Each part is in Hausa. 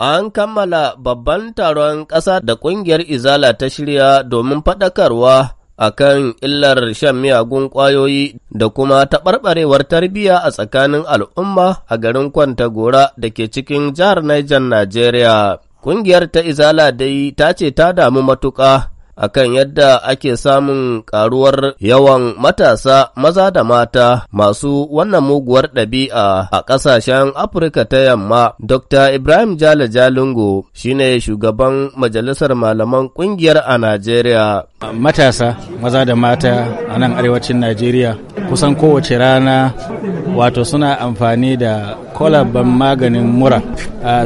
An kammala babban taron ƙasa da ƙungiyar Izala ta shirya domin faɗakarwa a kan illar shan miyagun ƙwayoyi da kuma taɓarɓarewar tarbiyya a tsakanin al'umma a garin Kwantagora da ke cikin jihar Niger, Najeriya. Ƙungiyar ta Izala dai ta ce ta damu matuƙa akan yadda ake samun karuwar yawan matasa maza da mata masu wannan muguwar ɗabi'a a ƙasashen Afirka ta yamma. Dr. Ibrahim jala Jalingo shine shugaban majalisar malaman ƙungiyar a Najeriya. Matasa maza da mata a nan arewacin Najeriya kusan kowace rana wato suna amfani da kwalaban maganin mura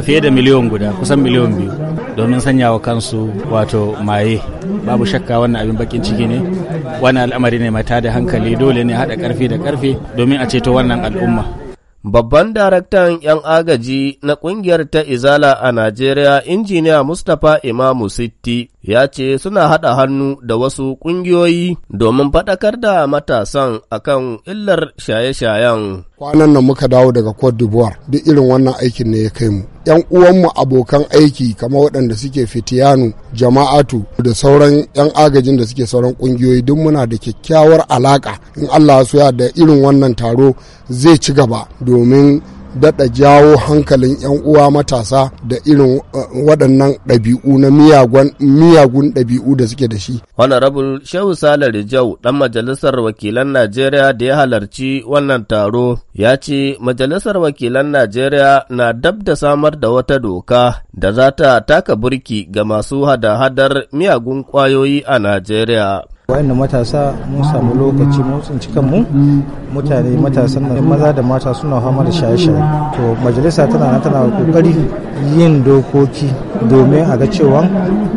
fiye da miliyon guda kusan miliyon biyu. domin sanyawa kansu wato maye babu shakka wannan abin bakin ciki ne wannan al'amari ne mai da hankali dole ne haɗa karfi da karfe domin a ceto wannan al'umma Babban daraktan 'yan agaji na ƙungiyar ta Izala a Najeriya, injiniya Mustapha Imamu Sitti, ya ce suna haɗa hannu da wasu ƙungiyoyi domin faɗakar da matasan akan illar shaye-shayen. Kwanan nan muka dawo daga Cote d'Ivoire, duk irin wannan aikin ne ya kai mu. 'yan uwanmu abokan aiki kamar waɗanda suke fitiyanu jama'atu da sauran 'yan agajin da suke sauran ƙungiyoyi duk muna da kyakkyawar alaƙa in allah su ya da irin wannan taro zai ci gaba domin daɗa jawo hankalin 'yan uwa matasa da irin eh, waɗannan ɗabi'u na miyagun ɗabi'u da suke da shi. Honorable Shehu Sale Rijau ɗan majalisar wakilan Najeriya da ya halarci wannan taro ya ce majalisar wakilan Najeriya na dab da samar da wata doka da za ta taka burki ga masu hada-hadar miyagun ƙwayoyi a Najeriya. wa'in matasa mun samu lokaci mun tsinci kanmu mutane matasan nan maza da mata suna fama da shaye-shaye to majalisa tana nan tana kokari yin dokoki domin a ga cewa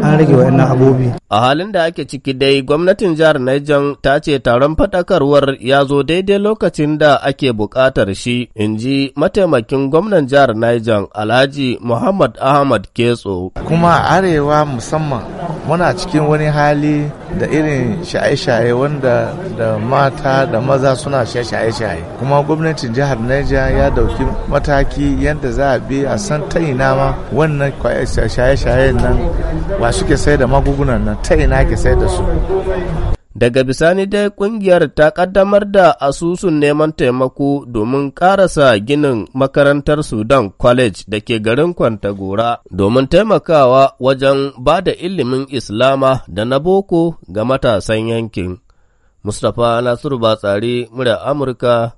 an rage wayannan abubi a halin da ake ciki dai gwamnatin jihar Niger ta ce taron fadakarwar ya zo daidai lokacin da ake bukatar shi in ji mataimakin gwamnan jihar Niger Alhaji Muhammad Ahmad Ketso kuma arewa musamman muna cikin wani hali da irin shaye-shaye wanda da mata da maza suna shaye-shaye kuma gwamnatin jihar Niger ya dauki mataki yadda za a bi a san ta ina ma wannan shaye-shayen nan wa suke sai da magungunan nan ta ina ke sai da su Daga bisani dai ƙungiyar ta ƙaddamar da asusun neman taimako domin ƙarasa ginin makarantar Sudan College da ke garin Kwantagora domin taimakawa wajen ba da ilimin Islama da na boko ga matasan yankin. Mustapha Nasiru Batsari, murya Amurka,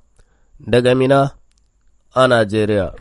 daga Mina a Najeriya.